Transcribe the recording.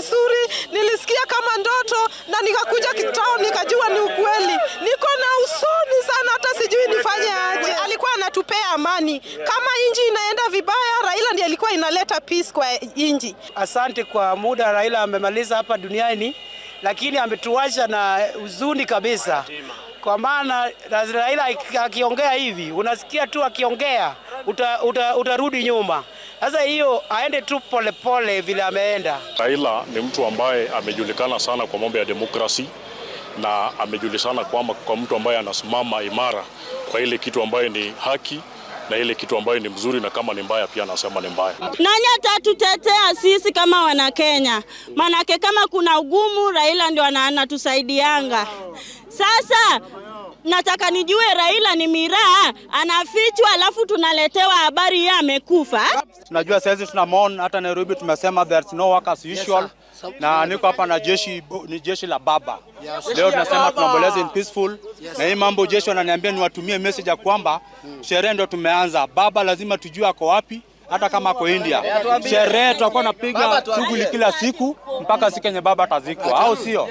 vizuri, nilisikia kama ndoto na nikakuja kitao nikajua ni ukweli. Niko na usoni sana, hata sijui nifanye aje. Alikuwa anatupea amani. Kama inji inaenda vibaya, Raila ndiye alikuwa inaleta peace kwa inji. Asante kwa muda. Raila amemaliza hapa duniani, lakini ametuacha na huzuni kabisa kwa maana Raila akiongea hivi unasikia tu akiongea utarudi uta, uta nyuma. Sasa hiyo aende tu polepole vile ameenda. Raila ni mtu ambaye amejulikana sana kwa mambo ya demokrasi na amejulikana kwamba kwa mtu ambaye anasimama imara kwa ile kitu ambayo ni haki na ile kitu ambayo ni mzuri na kama ni mbaya pia anasema ni mbaya. Nani atatutetea sisi kama wana kenya Maanake kama kuna ugumu, Raila ndio anatusaidianga sasa nataka nijue Raila ni miraa anafichwa, alafu tunaletewa habari yeye amekufa. Tunajua saizi tunamwona hata Nairobi, tumesema there's no work as usual. Yes, na niko hapa na jeshi, ni jeshi la baba yes. Leo tunasema tunaboleza in peaceful yes. Na hii mambo jeshi wananiambia niwatumie message ya kwamba hmm, sherehe ndio tumeanza, baba lazima tujue ako wapi hata kama ako India, sherehe tutakuwa napiga shughuli kila siku mpaka siku yenye baba atazikwa, au sio?